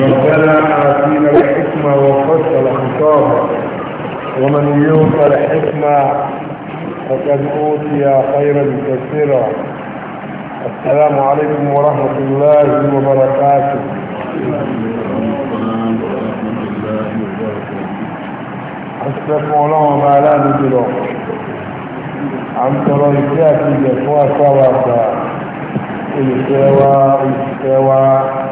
ربنا آتينا الحكمة وفصل خطابه ومن يوق الحكمة فقد أوتي خيرا كثيرا السلام عليكم ورحمة الله وبركاته السلام ورحمة الله ما لا نجده عن تركات الجفوة سواء السواء السواء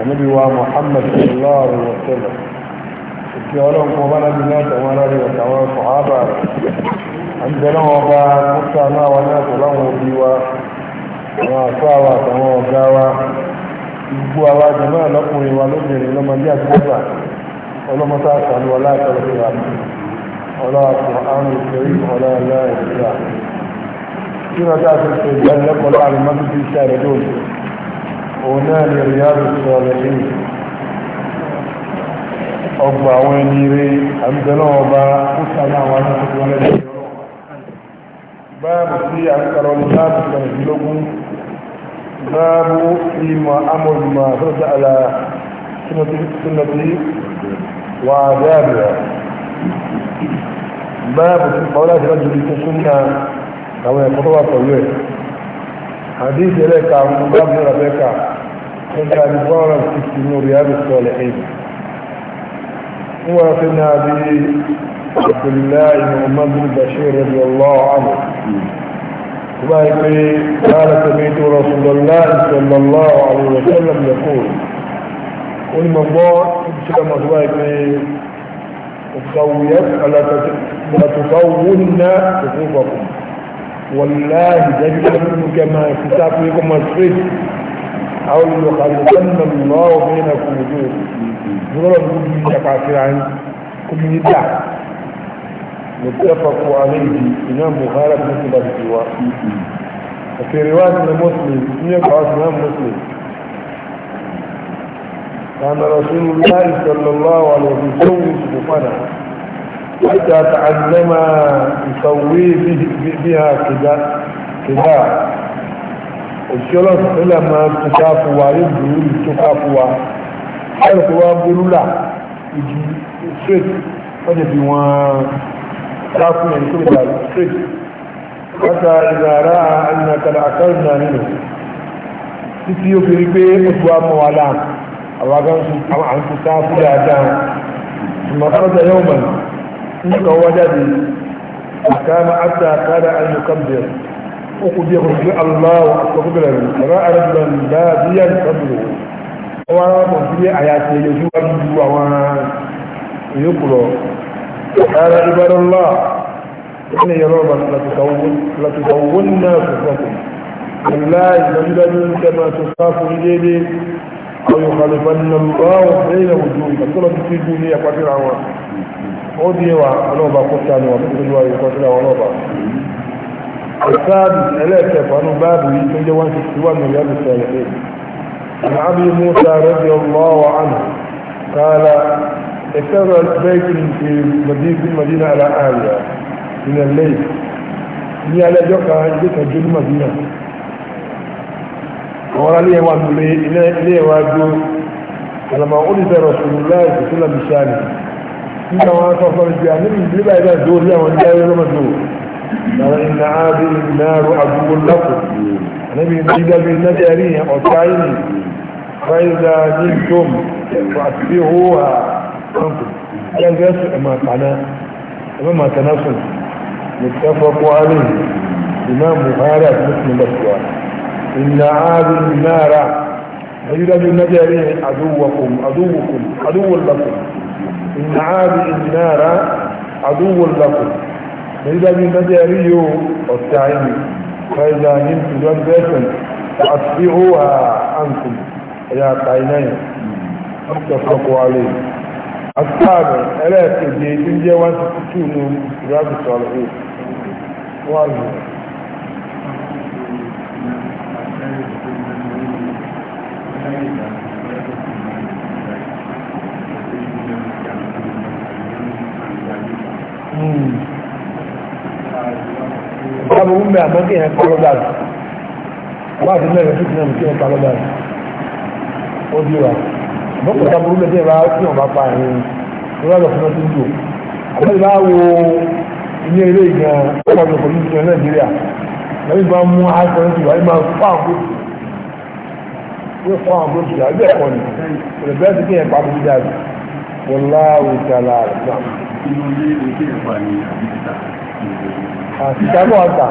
ànábì wa muhammad sallallahu alaihi wa sallam ìkí ọlọ́run kan bá lábí náà tàwọn aráàlú àtàwọn sọ̀hábà rẹ̀ àǹtẹ̀lẹ́ wọn bá kúta náà wọn náà tó láwọn òbí wa àwọn àtọ́ àwa àtàwọn ọ̀gá wa gbogbo àwa jẹ̀mọ́ àlọ́kùnrin wa lóbìnrin lọ́mọdé àti mẹ́fà ọlọ́mọta àtàlù ọlá àtàlù ọlá àtàlù ìfẹ́rí ọlá àlá ìfẹ́rí kíra dáa tó ṣe ìdánilẹ́kọ̀ọ́ láàrin mọ́tò tí iṣẹ́ rẹ̀ lóòótọ́ òun náà ni ríyàdù sọ̀rọ̀lẹ́yìn ọgbà àwọn ẹni rí àbúgbẹ́lọ́ ọba kúsànà àwọn akẹ́kọ̀ọ́ wọn lẹ́yìn báàbù sí àkàrọ̀ láti sọ̀rọ̀lẹ́gbọ́n báàbù ìmọ̀ amọ̀lùmọ̀ àfẹ́sẹ̀ àlà sínàtì wà dáàbìrà báàbù sí ọlá ìrìnàjò ìtẹ́sùn náà àwọn ẹ̀kọ́ tó wà pẹ̀lú ẹ̀ حديث إليك عن مبابن ربيك كنت أبزارا في رياض الصالحين هو في النبي عبد الله بن محمد بن بشير رضي الله عنه قال سمعت رسول الله صلى الله عليه وسلم يقول قل من بعد ابشر مصباحك تسويت تطولن صفوفكم wàláhì dájúdájú nínú kẹma ìfúta fún ikú ma straight àwọn olùkàlù sẹ́nà lọ́wọ́ fún ìnà kò lójú nígbàlọ́ ní kúbi ìjàpá síra ní kúbi ní dà متفق عليه إمام بخاري بن سبعة وفي رواية مسلم يقع إمام مسلم كان رسول الله صلى الله عليه وسلم سبحانه حتى تعلم يسوي بها كذا كذا òṣìṣẹ́lọ́ ìpínlẹ̀ máa tuka fún wa yóò burú tuka fún wa ẹ̀rọ tó wá burú là ìjì straight wọ́n ti fi wọ́n dákún ẹni tó lè dà straight wọ́ta ìgbàrá ìnàkàlà àkàrùn náà nínú títí yóò fi rí pé ó ti wá mọ́ wa láà àwọn agbáńsù àwọn àǹtí sáà dáadáa ìmọ̀kọ́ta nígbà wọ́n jáde àkàmà àtà àkàdà àyùkàbẹ̀ ó kù bí ọkùnrin aláwọ̀ àkọ́kọ́bẹ̀rẹ̀ rẹ̀ rẹ̀ àrẹ́gbẹ̀rẹ̀ dáadíyà ìkàbẹ̀ wọ́n wá mọ̀ sí àyàtẹ̀ yóò wá ju àwọn ìyókù lọ àkàrà ìbádọ́lá إن يرون لتطون صفكم والله لمدن كما تصاف إليه أو يخالفن الله بين وجوهكم فصلت في الدنيا قدر عوام ó di wa ọlọ́ọ̀bá kó sanu wà nítorí wa yóò kọ́sílẹ̀ àwọn ọlọ́ọ̀bá ìsáàbì ẹlẹ́ẹ̀kẹfà ní báàbù yìí tó jẹ́ 161 million sẹ́lẹ̀ عن أبي موسى رضي الله عنه قال اكتبع بيت في مدينة المدينة على آلية من الليل ní alẹ́jọ́ kan ilé kẹjọ ní madina àwọn alẹ́ wa nílé ilé ẹ̀wà jó alàmà ó ní إلا وأنا تفضل الجاهلين لما إذا زور وإن جاهل يوم الزور قال إن عادي النار عدو لكم نبي نجد بإذن جاريه وطعيني فإذا نلتم فأتبعوها أنتم قال جاس ما قناة وما تنصر متفق عليه إمام مخارع مثل مسوى إن عادي النار نجد بإذن جاريه عدوكم عدوكم عدو لكم إن عاد النار عدو لكم فإذا بمجاريه واستعيني فإذا نمت جنبا فأطفئوها عنكم يا قينين متفق عليه السابع ألا تجيب الجوان تكونوا راب الصالحين والله Thank you. ọmọ wúmi àmọ́kì yẹn kọ́ lọ́gbà rẹ̀ wọ́n àti mẹ́rin tó ti náà kí wọ́n pa lọ́gbà rẹ̀ ó di wa bọ́kùn tá burú lẹ́tẹ̀ bá tí wọ́n bá pa ẹ̀yìn lọ́wọ́ lọ fún ọtí ń lò ọmọ ìbá wo ilé ilé ìgbọ̀n ọmọ ní ìwà ìbá fáwọn kó yóò Wallahu ta'ala àrùn àṣìṣàbọ̀ ọ̀tà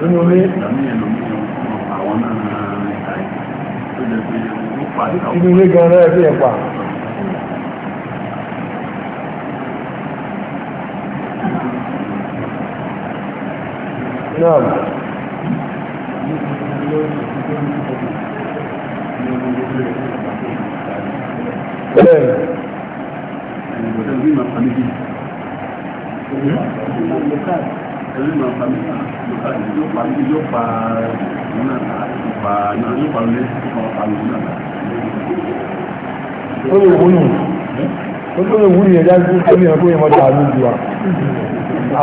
nínú ilé inú ilé gan rẹ̀ sí ẹ̀pà náà bẹ́ẹ̀ Olè wúlò, olè wúlò yẹn dájú tó ní ẹgbẹ́ ìmọ̀ta àlójú wa.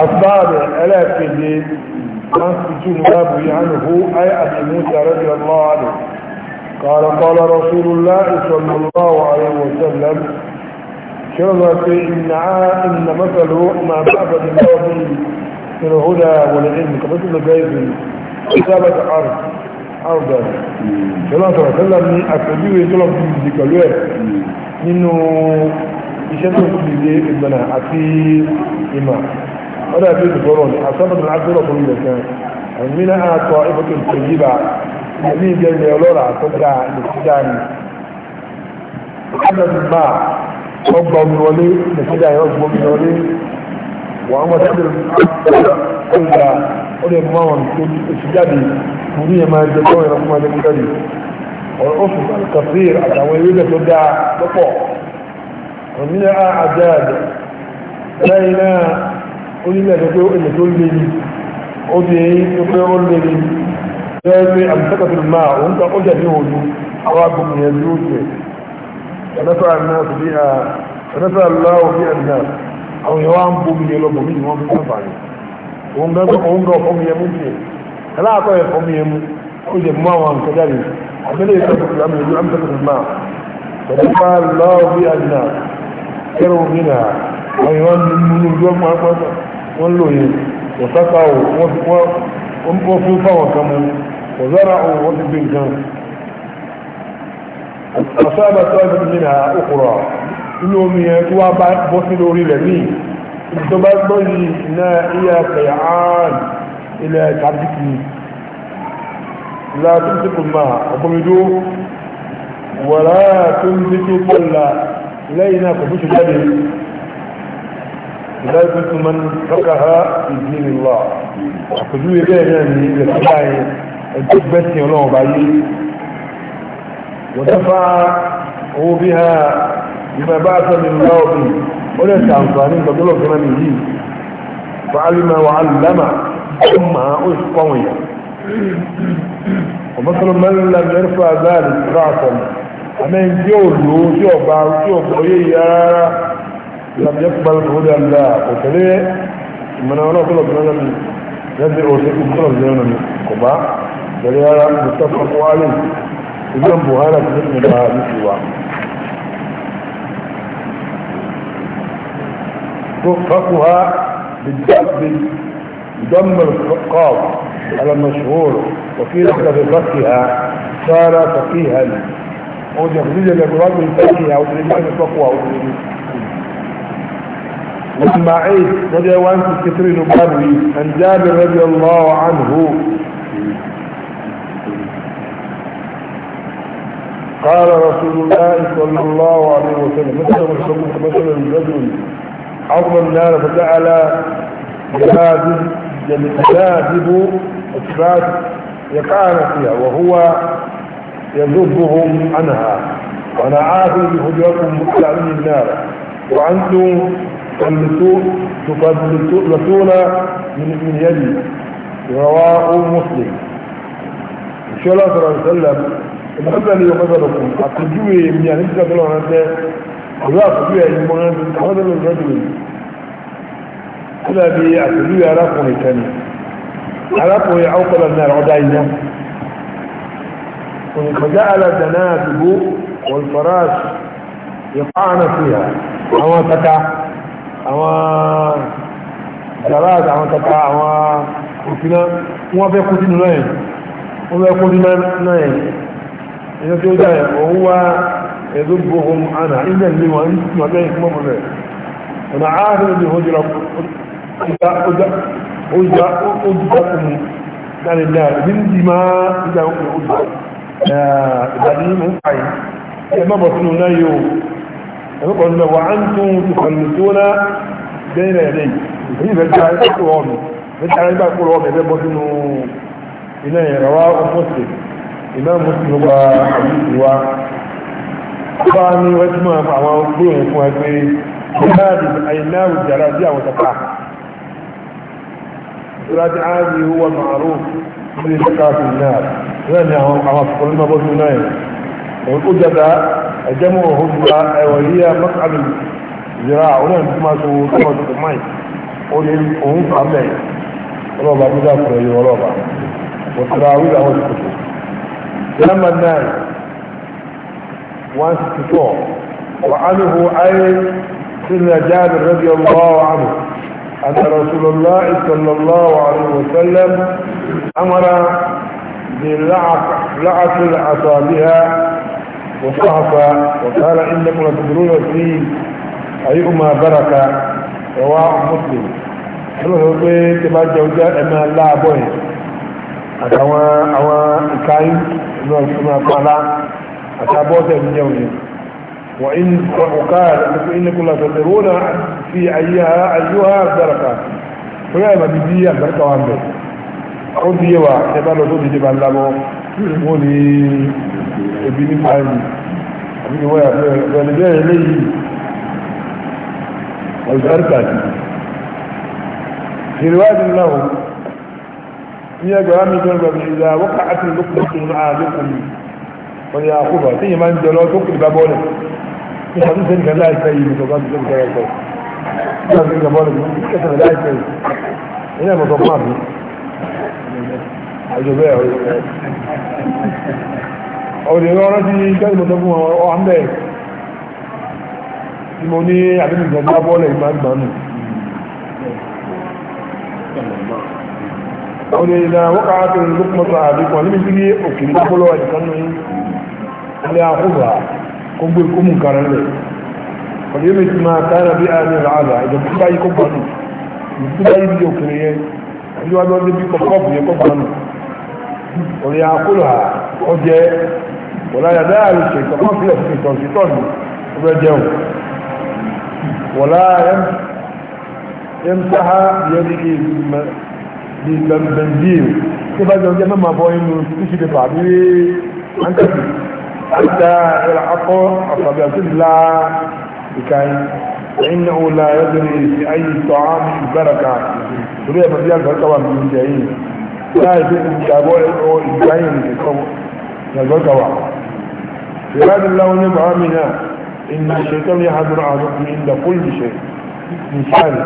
Àbáàrẹ ẹlẹ́ẹ̀kẹ́lẹ́ wọ́n ti tún lábù yánà hó ayé àti Musa rẹ̀ lọ́wọ́ rẹ̀. Kọ̀rọ̀kọ̀rọ̀ Rasulullah كما في إنعاء إن مثل ما بعد الله من الهدى والعلم كمثل الجيب كتابة أرض أرضا كما تتكلم من أكبر يطلب من ذكالوه منه يشتغل في ابننا أكيد إمام ولا يجوز الفرون أصابت العبد رسول الله يعني منها طائفة طيبة يمين جميع لورا تدعى للسجان حدث ما ọgbà omi wọlé nàìjíríà yóò gbọ́ omi wọlé wọ́n wọ́n sábẹ̀ ọgbà ó lè mú àwọn oṣù jáde mo ní ẹ̀ma ẹgbẹ́ tó yẹn fún ẹgbẹ́ jáde ọ̀rọ̀ oṣù kàfíìr àtàwọn ewébẹ̀ tó dáa lọ́pọ̀ òmìnira àjáde lẹ́yìn náà onílẹ̀ tó tó èlè tó lé ní ó tó pé ó lé ní lẹ́yìn pé àmì sẹ́kọ̀tì máa òun kan ó ní òòlù àwọn agbóhùn yẹn dúró jẹ̀ ونفع الناس بها ونفع الله بها الناس أو يوان بومي لو بومي يوان بومي نفع òun gbẹ́gbẹ́ òun gbọ́ fún yẹmú sí aláàtọ̀ yẹ fún yẹmú ó jẹ mú àwọn àǹkẹ́jáde àbẹ́lẹ̀ ìtọ́jú ìlànà ìlú amtẹ́kùn náà pẹ̀lú bá lọ́wọ́ bí àjìnà kẹrù nínà àwọn ìwọ́n ní múlù ojú ọmọ agbọ́dọ̀ wọ́n lò yẹ ọ̀sáká wọ́n fún fáwọn kan mú ọ̀zára òun wọ́n ti gbé nǹkan أصابت طائفة منها أخرى إنهم يتوى بوصلوا للمين تبقى لا إلى قيعان إلى تعبدتني لا تمسك الماء وقمدوا ولا تمسك قلا إلينا فبش جدي لا يمسك من تركها في دين الله فجوا يبين يعني إذا تبعي التبسي ولو بعيد ودفعه بها بما بعث من الله به وليس عن صانين تضلوا كمان يجيب فعلم وعلم ثم أسقوية ومثل من لم يرفع ذلك رأسا أمين جولو شوف شوف قوية لم يقبل هدى الله وكذلك من أنا أقول لك من يدعو سيكون كل من كبا دليل متفق عليه ìjọ buhari àti nínú ìgbà níbi wa tó kọ́kù على المشهور وفي kọ́ọ̀b وكيل في فقهها صار فقيها او تخريج الابواب من فقهها او ترجمه الفقه او واسماعيل رضي الله عنه كثير بابي عن جابر رضي الله عنه قال رسول الله صلى الله عليه وسلم مثل الحكم مثل الرجل عظم النار فجعل جاذب جاذب اثبات يقعن فيها وهو يذبهم عنها وانا عافي بهجركم مطلعين النار وانتم تفلتون من يدي رواه مسلم ان شاء الله صلى الله عليه وسلم ìgbàgbọ́ ni ọmọ ìgbàgbọ́ fún àpèjúwe mi àti ìgbàgbọ́ lọ́wọ́ ránṣẹ́ ọ̀rọ̀ àpèjúwe ẹ̀yìn mọ́ ránṣẹ́ àwọn ọ̀dọ́ lọ́wọ́ ránṣẹ́ kódà bí àpèjúwe arákùnrin kan ni arákùnrin àwòkọ́lọ̀ ní àrà ọ̀dá iná òǹkọ̀já alàdàná àdúgbò wọ̀lfàràṣ ìpáàna sí ha àwọn kata àwọn garaas àwọn kata àwọn òfinà wọ́n fẹ́ kó sínú náà wọ́n fẹ́ kó sínú náà ẹni tó dá ẹ̀ òun wá ẹ̀dọ́ gbogbo àná ilẹ̀ ní wọn ń tún abẹ́ ìkúmọ̀ mọ̀ rẹ̀ ọ̀nà ààrẹ ni ó jọra ọjà ọdún láti dá ìdí ní ìmá ìjà ọdún ìdàdí mú àyè ẹ má bọ̀ sínú náà yóò ẹ̀mọ́ kan lọ wà á ń tún ìkànnì tó ná bẹ́ẹ̀rẹ̀ rẹ̀ èyí fẹ́ ta ẹgbẹ́ kúrò ọ̀nà fẹ́ ta ẹgbẹ́ kúrò ọ̀nà ẹgbẹ́ bọ́ sínú ilé ìrọ̀wá ọmọ sílẹ̀ ìmọ̀ mùsùlùmí wa àbúrò wa bá ní wọ́n mọ̀ àwọn gbóhùn fún ẹgbẹ́ jihadi àìláwù jàrá sí àwọn tàpá ìrájí áàrí owó màárù ní ìṣẹ́ká sí náà náà ni àwọn àfọ̀kùnrin náà bọ́sùn náà ẹ̀ ó jẹ́ta ẹ̀jẹ̀mọ̀ òhun gba ẹ̀wọ̀ yíya mọ́kàlù ìjìrá àwọn ẹ̀mí máa so tọ́mọ̀ tuntun máì ó ní òun fà mẹ́ ọlọ́ba bídà fún ẹ̀yọ ọlọ́ba wọ́n tẹ̀lé àwọn ìlànà ìtòkò لما ناي 164 وعنه أي سنة جابر رضي الله عنه أن رسول الله صلى الله عليه وسلم أمر بلعق الأصابع وصحفة وقال إنكم لتدرون في أيهما بركة رواه مسلم روح pé tí bá jẹ ọjọ́ ẹ̀mẹ́ aláàbọ̀ ẹ̀ àtàwọn àwọn ما طلع أتابوت الجوني وإن وقال إنكم لتطرون في أيها أيها الدركة فلا ما بدي الدركة وعنده أرضي وكما لو تودي جبال لابو ولي ابن فايني أبي ويا فلجاء إليه والدركة في رواية له ní ẹgbẹ̀rún mi tó ń gbẹ̀mí ìlà wọ́pá àti ìlúkùn tó ń àdókùn mi wọ́n yà kó bọ̀ tí yìí máa ń jọlọ tó kùn ìbábọ́ rẹ̀ tí wọ́n ti sẹ́ni kan láìpẹ́ yìí mi tọ́ka tó ń tẹ́rẹ̀ pẹ́ tí wọ́n ti sẹ́ni kan bọ́ rẹ̀ mi kẹsàn-án láìpẹ́ yìí ẹ̀yìn àmọ́ sọ fún àbí àjọ bẹ́ẹ̀ ọ̀rẹ́ ọ̀rọ̀ ti jẹ́ ìmọ̀tọ́ fún ọ̀hán bẹ́ẹ̀ tí mo ní àbí mi gbẹ̀mí ọdẹ ìlà wọ́kà á tẹ̀lé lókùnmọ́tò àdékùn níbi tí ní òkèlè kọ́kọ́lọ́ ẹ̀dìkan ní ilé àkóbà kó gbé kó mú nǹkan rẹ̀ ọdẹ yóò ti máa tààrà bí àmì rà àlà ìjọ tó báyìí kó gbà nù ìjọ báyìí bí òkèlè yẹn ìjọ wájú ọdẹ ìtọ̀ sí ọgbẹ́ jẹun wọ́n láyà yẹn sáhá yẹn ní bí bẹ̀rẹ̀ tó bá jẹun jẹ́ mọ́ bọ́ inú títí lè bà bí ankẹ́sì àti ẹ̀rọ akọ́ àfàbí àtúndìlá ìkàyìn ẹ̀yìnà òòlà ẹ̀dùnrin ìsì ayé ìtọ́ àmì ìgbàràkà torí ẹ̀fà bí àgbàkà wà nínú ìjẹ yìí láì fi ìgbàgbọ́ ẹ̀rọ ìgbàyìn ìkọ́ ìgbàgbọ́kà wà ìrádì láwọn ní bàámi náà ìnà ìṣẹ́tọ́ ní àdúrà àdúrà ní ìdàkùn ìṣẹ́ ìṣàlẹ̀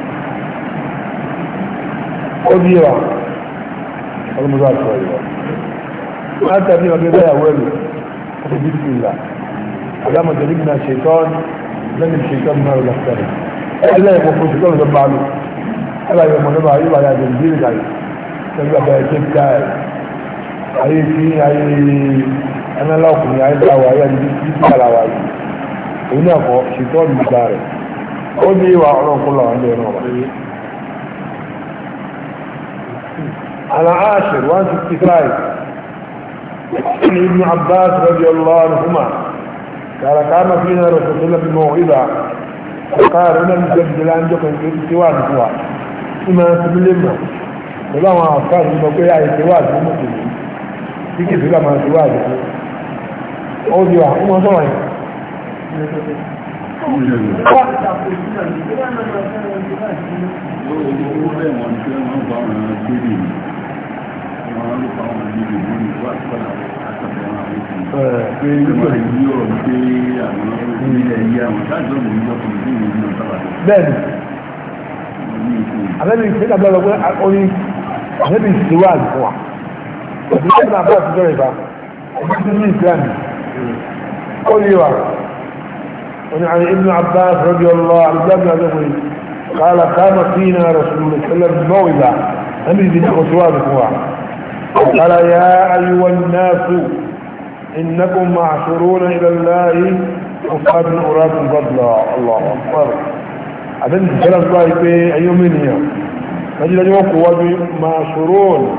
ó bí wa ọlọ́mọdé àti ọ̀yọ́ láti àbí ọdún báyàwó ẹ̀rù ọdún bí sí ìlà alámọ̀tẹ́ níbi náà ṣètọ́ lẹ́yìn ṣètọ́ náà lọ sẹ́rẹ̀ ẹlẹ́yìn mo fún ṣètọ́ lọ́dọ̀ bá lù ẹlẹ́yìn ọmọ náà yóò wáyà dé bí ìlà yìí lọ́dọ̀ bẹ̀rẹ̀ ṣe ká ẹ̀ ayé fi ayé ẹnlá ọkùnrin ayé dáwọ̀ ayé ẹni bí sí àlàwà yìí òun náà kọ ṣètọ́ ìgbà rẹ̀ ó ní ìwà ọlọ́nkọ́ على عاشر 165 عن ابن عباس رضي الله عنهما قال قام فينا رسول الله بالموعظة فقال هنا نجد الآن في سواد سوا إما تبلمنا ولا ما أفكار الموقع يعني سواد في تيجي في ما سواد أودي واحد ما سواد Thank you. ابن عباس رضي الله عنه قال قام فينا رسول الله صلى الله عليه وسلم موعظه امر بن خطوه قال يا أيها الناس إنكم معشرون إلى الله أصحاب أراك فضلا الله أكبر أبن جلس بايبي هي فجل أن وجو معشرون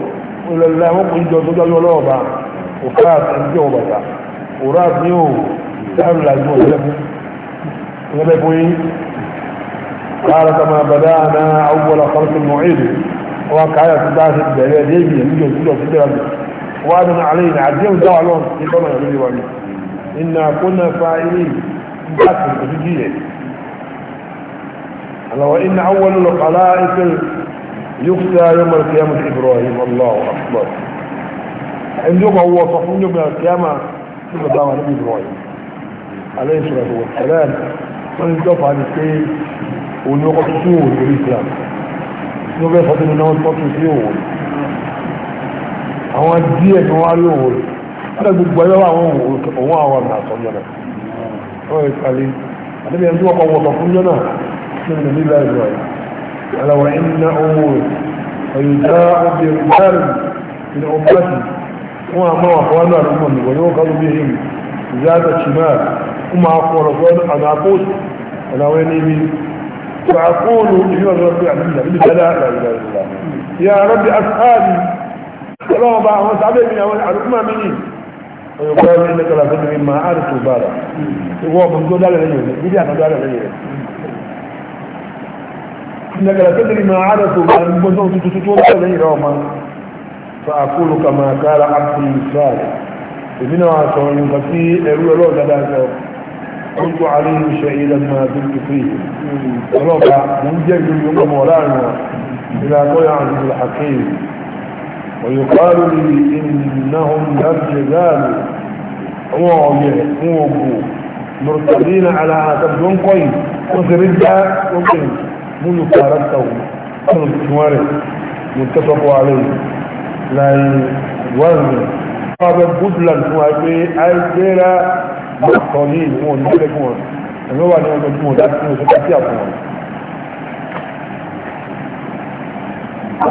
إلى الله وقل جوزو الولوبة لوبا الجوبة أراك نيو سهل الجوبة نبي قال كما بدأنا أول خلق المعيد وكاية تداسة بهذه ديبية ميجو كله في درجة وادن علينا عزيز دعوة لهم يقولون يا بني إنا كنا فاعلين بأكل بسجية أنا وإن أول الخلائق يخشى يوم القيامة إبراهيم الله أكبر عندما هو صفون يوم القيامة ثم دعوة نبي إبراهيم عليه الصلاة والسلام من الدفع لكي ونقصوه في الإسلام ló bẹ́ fọ́tún ní wọ́n tọ́tún sí òwò àwọn díẹ̀ ni wọ́n á rí òwò rẹ̀ gbogbo ẹgbẹ́ àwọn òwò àwọn àmì àsọ̀yọ̀ rẹ̀ ó yẹ kálí àdébí ẹni tí wọ́n kọ́ wọ̀tọ̀ fún yọ́nà sí ní nílẹ̀ ìlú ẹ̀ aláwọ̀ iná owó ọ̀yọ̀dá obì ìgbàlù ní náà wọ́n yóò kálú bí i ìyá àgbà chimá kuma فأقول إن الرب العالمين لا لا إله إلا يا رب أصحابي اللهم بقى هو صعب من أول الأمة مني ويقال إنك لا تدري ما أردت بارا هو من دون لا يجوز بدي أنا لا يجوز إنك لا تدري ما أردت بارا من دون تتطور لا يجوز فأقول كما قال عبد الصالح إبن عاصم يقول في الله لا يجوز كنت عليهم شهيدا ما دمت فيه ولوكا من جد يوم مولانا إلى قوي عزيز الحكيم ويقال لي إنهم لرجال يزالوا وعيه مرتبين على عتبهم قوي وسردها ممكن من يقاربته كانوا بسوارك متفق عليه لا يوزن قابل بدلا سوى أي سيرة أنا ní ìlú wọn ní ẹlẹ́gùn wọn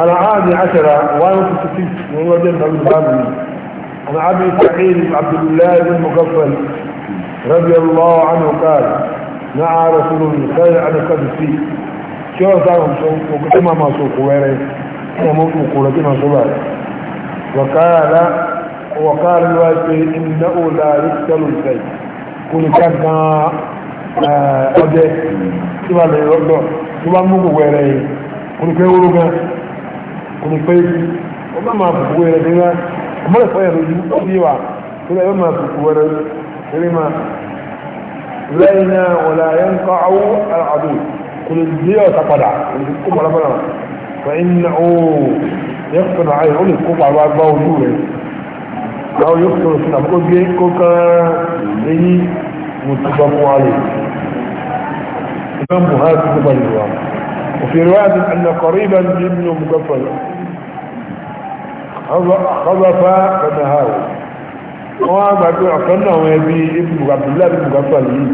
ẹ̀mí عشرة وأنا من وجه الألباني أنا أبي سعيد عبد الله بن مقفل رضي الله عنه قال نعى رسول الله خير عن القدسي شو صارهم سوق وكما ما سوق ويري أنا موت وكما سوق وقال وقال الواجب إنه لا يقتل الخير kúrò gángan ọdẹ tí wà lórí ọgbọ tí wà mú gbogbo ẹrẹ yìí kúrò pé wúrú gan kúrò pé ó má máa fò gbogbo ẹrẹ bí wọn ọmọ ìfọ yẹn lójú ó bí wà kúrò ẹ má fò gbogbo ẹrẹ eré ma lẹ́yìn náà wọ́n la yẹn kọ́ awó àdó kúrò bí ọ̀sà padà kó balabala wọ́n ń na ó yẹ kó na ayé ó lè kó pàrọ̀ agbá ojú rẹ̀. àwọn yóò fi òsì àkókò gbé kó kán léyìn mùtúbà fún wa lè imam buhari tó bá lè wà òfin rẹ̀ àti ànàkọ̀rọ̀ ìbá ní nínú mùgbàfà ọgbàfà kọ̀dàhàwò wọ́n á gbàgbé ọ̀kan náà wọn ẹbí ibi mùgbàfà ibi mùgbàfà yìí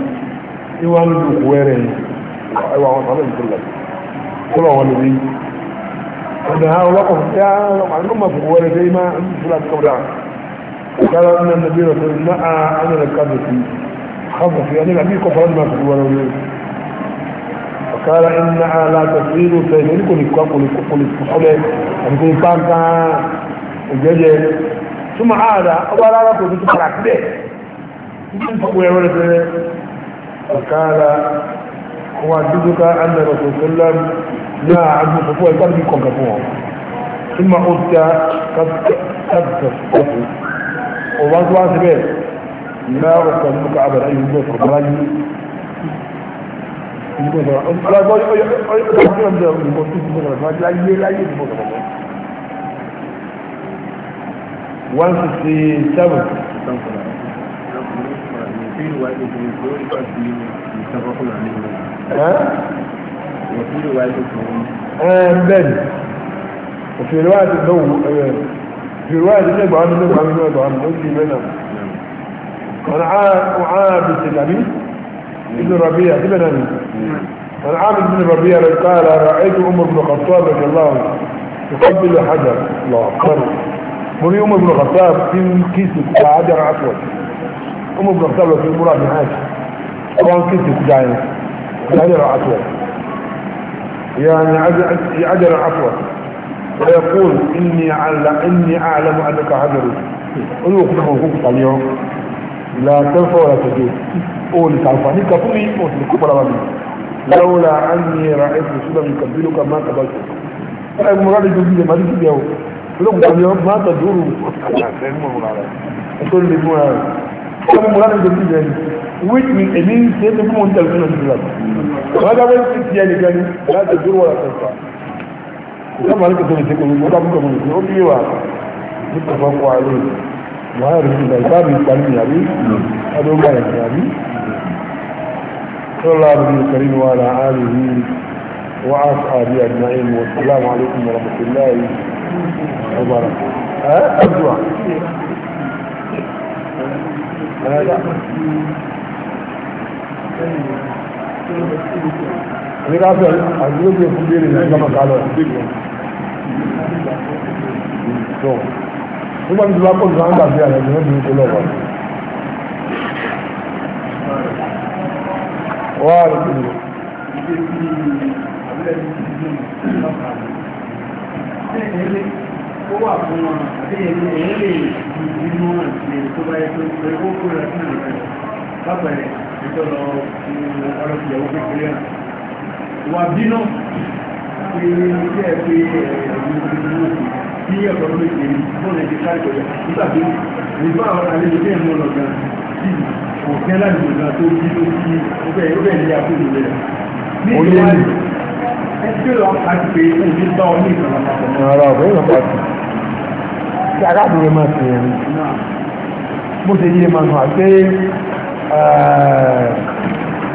ni wọ́n ń lu òkú ẹ̀rẹ̀ yìí ẹwà àwọn sọ́lá ìtòlẹ̀ sọ́lá wọn lórí kọ̀dàhàwò lọ́kọ̀ fún tí a lọ́kọ̀ àdúgbò mọ̀ fún òkú ẹ̀rẹ̀ وقال أن النبي صلى الله عليه وسلم أنا لكبت في يعني النبي كفر ما في ولا وقال ان لا تصير سيدي كل كل كل كل أنكم بانكا وجيجي ثم عاد أولا لكم تتحرك به وقال هو أدلك أن رسول الله لا عبد الصفوة كان بيكون كفوه ثم قلت قد تفتح ọba tó wá síbẹ̀ ìná ọ̀sán ní ká àbẹ̀rẹ̀ yìí gbọ́ ọ̀sán aláyé one sixty seven ẹ̀ẹ́dẹ́gbẹ̀rún òfin ìwádìí náà في رواية النبع عن النبع عن النبع عن أجي منه عن عابد الأبي ابن ربيع ابن أبي عن عابد بن ربيع قال رأيت عمر بن خطاب رضي الله عنه يقبل حجر الله أكبر من عمر بن خطاب في كيس حجر عسود عمر بن خطاب في المراد من حاجة طبعا كيس حجر عسود يعني حجر عسود ويقول إني أعلم, إني أعلم أنك حجر قل وقنا فوق اليوم لا تنفع ولا تجوز قول تعفاني كفري وتلكب ربني لولا أني رأيت رسولا يكبرك ما كبرتك فأي مراد جديد ما رجل يوم قال اليوم ما تدور أقول لي مراد أقول مراد جديد which means a means say the moon tells you not to do that. Rather than sit لا تدور ولا تنفع. كما لك تنسيك ولا ممكن من يقول لي وا متفق عليه وهذا من الباب الكريم يا ابي يعني. هذا ما يا ابي صلى الله عليه وسلم وعلى اله وأصحابي أجمعين والسلام عليكم ورحمة الله وبركاته ها أرجو هذا nígbà tó àdúrógbè fún béèrè náà gbọ́mọ̀ kálọ̀ tó nígbà tó bá kóòtù náà ń gbàgbé àlẹ́ ìgbìmọ̀ ìdúró tó lọ́wọ́ wà á rí kìlọ̀ ó wà fún wọn àti èyí lè nínú ìṣe tó bá yẹ tó pé ó kúrò láti nàìjíríà lápẹẹrẹ ìjọba ọ̀rọ̀ ìyàwó kékeré náà wà bínú pé ilé ẹ̀ pé ẹ̀rọ ní ọ̀dọ́ méje mọ́ lè fi káàkiri ọ̀yà nígbà tó nígbà àwọn àlejò bẹ́ẹ̀ mọ́ lọ́gbà sí ọ̀kẹ́ láti ìgbà tó bínú sí ọbẹ̀ ìrọ̀lẹ́ ilé àkójọ rẹ̀ ní ìwádìí ẹgbẹ́ lọ àti pé òní bá ọ ní ìkànnà pàtàkì. ọ̀rọ̀ ọ̀gbẹ́ ìlọ́pàá ti arábìnrin máa ti rẹ̀ mo ṣe yí ma hàn pé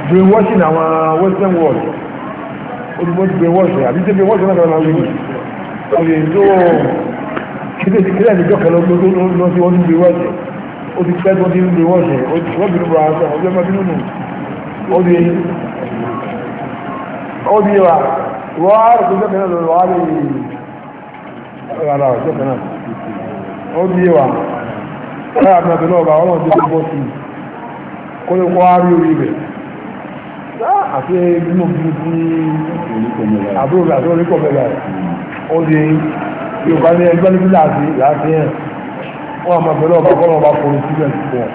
brainwashing àwọn western world olùmọ́ ti bẹ̀wọ́ ṣe àbí tẹ́bẹ̀ wọ́n ṣe náà lọ́la wí ọ̀yẹ̀ tó kílẹ̀ kílẹ̀ níjọ́ kẹlẹ́ lọ sí wọ́n ti bẹ̀wọ́ ṣe ó ti pẹ́ tó ti ń bẹ̀wọ́ ṣe wọ́n ti rúbọ̀ aṣọ ọjọ́ mẹ́bí nínú ọdí ọdí wa wọ́n á rẹ̀ tó jẹ́ kẹlẹ́ lọ́wọ́ á lè rárá ọjọ́ kẹlẹ́ ọdí wa ọ̀rẹ́ àbẹ̀tẹ̀ náà bá ọlọ́run ti bọ́ sí kó lè kọ́ á rí orí bẹ̀rẹ̀ àti gbímọ̀ burúkú àbúrò àti oríkọ̀ bẹ̀rẹ̀ ó di Yorùbá ní ẹgbẹ́ níbi láti láti ẹ̀ wọ́n àmọ́ pẹ̀lú ọba kọ́nà ọba forí sílẹ̀ sí wọn